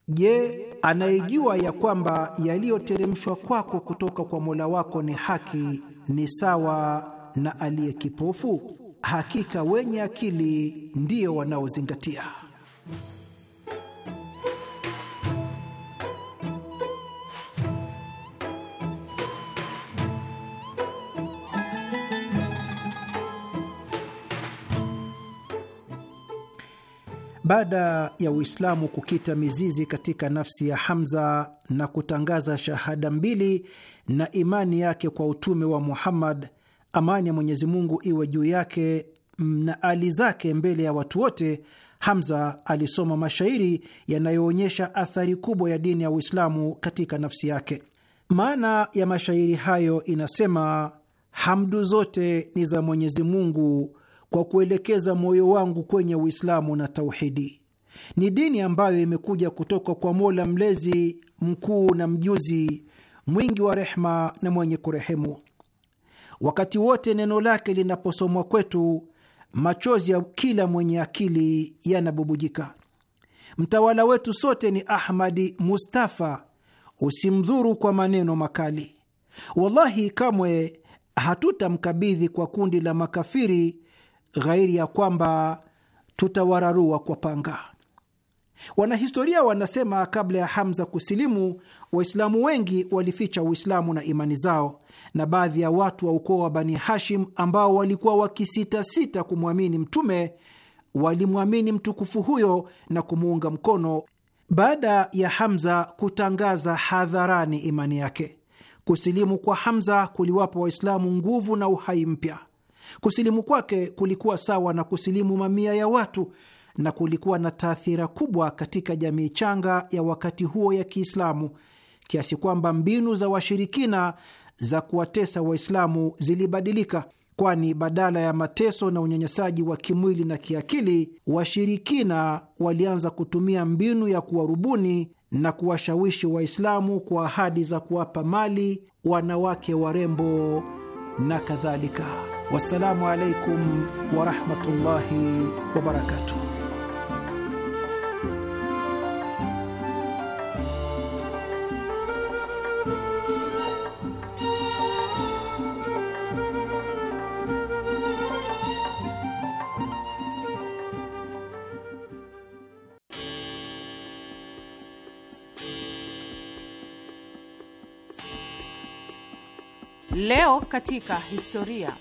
je, anayejua ya kwamba yaliyoteremshwa kwako kutoka kwa Mola wako ni haki ni sawa na aliye kipofu? Hakika wenye akili ndiyo wanaozingatia. Baada ya Uislamu kukita mizizi katika nafsi ya Hamza na kutangaza shahada mbili na imani yake kwa utume wa Muhammad, amani ya Mwenyezi Mungu iwe juu yake na ali zake, mbele ya watu wote, Hamza alisoma mashairi yanayoonyesha athari kubwa ya dini ya Uislamu katika nafsi yake. Maana ya mashairi hayo inasema: hamdu zote ni za Mwenyezi Mungu kwa kuelekeza moyo wangu kwenye Uislamu na tauhidi. Ni dini ambayo imekuja kutoka kwa Mola Mlezi, mkuu na mjuzi, mwingi wa rehma na mwenye kurehemu. Wakati wote neno lake linaposomwa kwetu, machozi ya kila mwenye akili yanabubujika. Mtawala wetu sote ni Ahmadi Mustafa, usimdhuru kwa maneno makali. Wallahi, kamwe hatutamkabidhi kwa kundi la makafiri ghairi ya kwamba tutawararua kwa panga. Wanahistoria wanasema kabla ya Hamza kusilimu, Waislamu wengi walificha Uislamu na imani zao, na baadhi ya watu wa ukoo wa Bani Hashim ambao walikuwa wakisitasita kumwamini Mtume walimwamini mtukufu huyo na kumuunga mkono baada ya Hamza kutangaza hadharani imani yake. Kusilimu kwa Hamza kuliwapa Waislamu nguvu na uhai mpya. Kusilimu kwake kulikuwa sawa na kusilimu mamia ya watu na kulikuwa na taathira kubwa katika jamii changa ya wakati huo ya Kiislamu, kiasi kwamba mbinu za washirikina za kuwatesa Waislamu zilibadilika, kwani badala ya mateso na unyanyasaji wa kimwili na kiakili, washirikina walianza kutumia mbinu ya kuwarubuni na kuwashawishi Waislamu kwa ahadi za kuwapa mali, wanawake warembo na kadhalika. Wassalamu alaikum warahmatullahi wabarakatuh. Leo katika historia.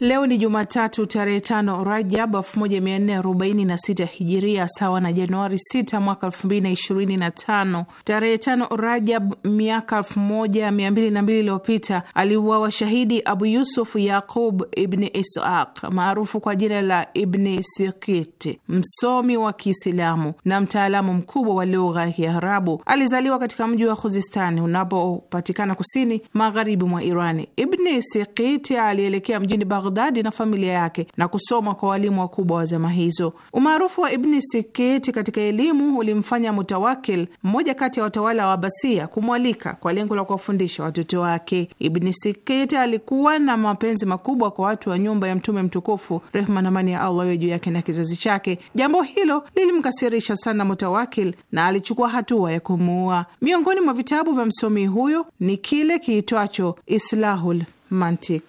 Leo ni Jumatatu tarehe tano Rajab 1446 Hijiria, sawa na Januari 6 mwaka 2025. Tarehe tano Rajab miaka 1202 iliyopita aliuawa shahidi Abu Yusuf Yaqub Ibni isaq maarufu kwa jina la Ibni Sikiti, msomi wa Kiislamu na mtaalamu mkubwa wa lugha ya Kiarabu. Alizaliwa katika mji wa Khuzistani unapopatikana kusini magharibi mwa Irani. Ibni Sikiti alielekea mjini Baghdad Baghdadi na familia yake na kusoma kwa walimu wakubwa wa zama hizo. Umaarufu wa Ibni Sikiti katika elimu ulimfanya Mutawakil, mmoja kati ya watawala wa Abasia, kumwalika kwa lengo la kuwafundisha watoto wake. Ibni Sikiti alikuwa na mapenzi makubwa kwa watu wa nyumba ya Mtume mtukufu, rehma na amani ya Allah iwe juu yake na kizazi chake. Jambo hilo lilimkasirisha sana Mutawakil na alichukua hatua ya kumuua. Miongoni mwa vitabu vya msomi huyo ni kile kiitwacho Islahul Mantik.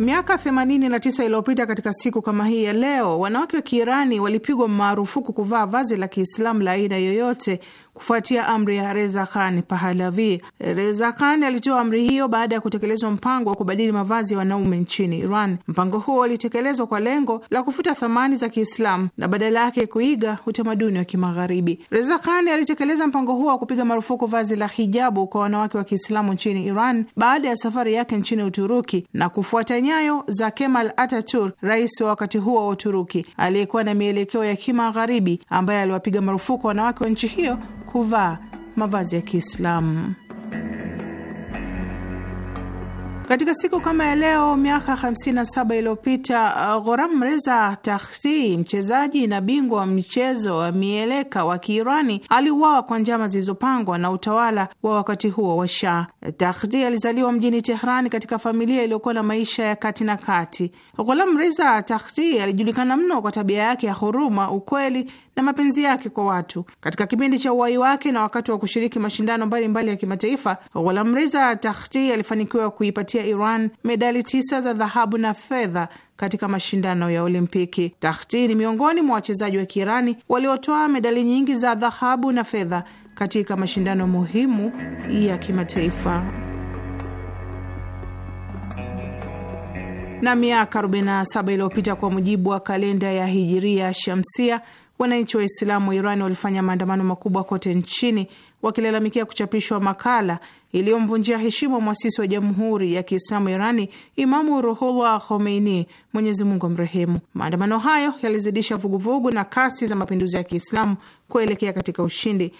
Miaka 89 iliyopita katika siku kama hii ya leo, wanawake wa Kiirani walipigwa marufuku kuvaa vazi la Kiislamu la aina yoyote kufuatia amri ya Reza Khan Pahalavi. Reza Khan alitoa amri hiyo baada ya kutekelezwa mpango wa kubadili mavazi ya wanaume nchini Iran. Mpango huo ulitekelezwa kwa lengo la kufuta thamani za Kiislamu na badala yake kuiga utamaduni wa Kimagharibi. Reza Khan alitekeleza mpango huo wa kupiga marufuku vazi la hijabu kwa wanawake wa Kiislamu nchini Iran baada ya safari yake nchini Uturuki na kufuata nyayo za Kemal Ataturk, rais wa wakati huo wa Uturuki aliyekuwa na mielekeo ya Kimagharibi, ambaye aliwapiga marufuku wanawake wa nchi hiyo kuvaa mavazi ya Kiislamu. Katika siku kama ya leo miaka 57 iliyopita uh, Ghoram Reza Takhti, mchezaji na bingwa wa mchezo wa mieleka wa Kiirani, aliuawa kwa njama zilizopangwa na utawala wa wakati huo wa Shah. Takhti alizaliwa mjini Tehrani katika familia iliyokuwa na maisha ya kati na kati. Ghoram Reza Takhti alijulikana mno kwa tabia yake ya huruma, ukweli na mapenzi yake kwa watu. Katika kipindi cha uwai wake na wakati wa kushiriki mashindano mbalimbali mbali ya kimataifa, Ghulamreza Takhti alifanikiwa kuipatia Iran medali tisa za dhahabu na fedha katika mashindano ya Olimpiki. Takhti ni miongoni mwa wachezaji wa Kiirani waliotoa medali nyingi za dhahabu na fedha katika mashindano muhimu ya kimataifa. Na miaka 47 iliyopita kwa mujibu wa kalenda ya Hijiria Shamsia Wananchi Islamu wa Iran walifanya maandamano makubwa kote nchini wakilalamikia kuchapishwa makala iliyomvunjia heshima mwasisi wa Jamhuri ya Kiislamu Irani, Imamu Ruhullah Khomeini, Mwenyezi Mungu amrehemu. Maandamano hayo yalizidisha vuguvugu na kasi za mapinduzi ya Kiislamu kuelekea katika ushindi.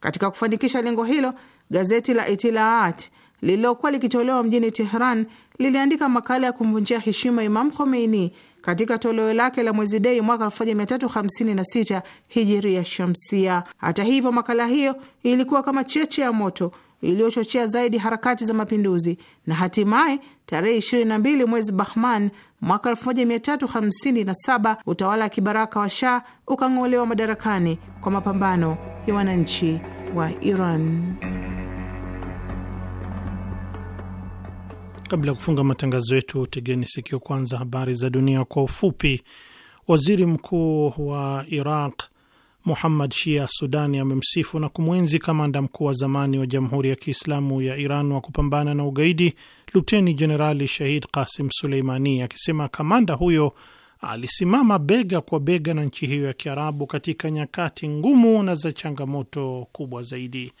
Katika kufanikisha lengo hilo, gazeti la Itilaat lililokuwa likitolewa mjini Tehran liliandika makala ya kumvunjia heshima Imam Khomeini katika toleo lake la mwezi Dei mwaka 1356 hijiria shamsia. Hata hivyo, makala hiyo ilikuwa kama cheche ya moto iliyochochea zaidi harakati za mapinduzi na hatimaye tarehe 22 mwezi Bahman mwaka 1357 utawala wa kibaraka wa Shah ukang'olewa madarakani kwa mapambano ya wananchi wa Iran. Kabla ya kufunga matangazo yetu, tegeni sikio kwanza habari za dunia kwa ufupi. Waziri mkuu wa Iraq Muhammad Shia Sudani amemsifu na kumwenzi kamanda mkuu wa zamani wa Jamhuri ya Kiislamu ya Iran wa kupambana na ugaidi Luteni Jenerali Shahid Qasim Suleimani, akisema kamanda huyo alisimama bega kwa bega na nchi hiyo ya Kiarabu katika nyakati ngumu na za changamoto kubwa zaidi.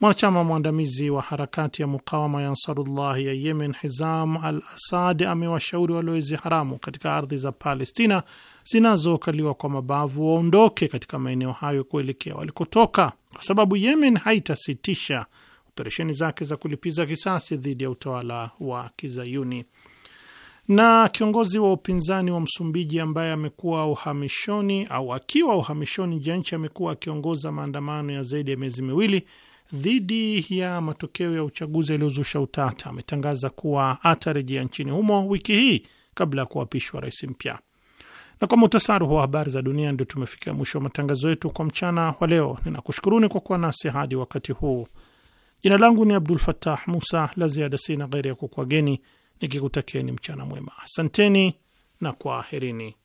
Mwanachama mwandamizi wa harakati ya mukawama ya Ansarullahi ya Yemen, Hizam al Asad, amewashauri walowezi haramu katika ardhi za Palestina zinazokaliwa kwa mabavu waondoke katika maeneo hayo kuelekea walikotoka, kwa sababu Yemen haitasitisha operesheni zake za kulipiza kisasi dhidi ya utawala wa Kizayuni. Na kiongozi wa upinzani wa Msumbiji ambaye amekuwa uhamishoni au akiwa uhamishoni nje ya nchi amekuwa akiongoza maandamano ya zaidi ya miezi miwili dhidi ya matokeo ya uchaguzi yaliyozusha utata ametangaza kuwa atarejea nchini humo wiki hii kabla ya kuapishwa rais mpya. Na kwa muhtasari wa habari za dunia, ndio tumefikia mwisho wa matangazo yetu kwa mchana wa leo. Ninakushukuruni kwa kuwa nasi hadi wakati huu. Jina langu ni Abdul fatah Musa. La ziada sina ghairi ya kukwageni nikikutakieni mchana mwema. Asanteni na kwaherini.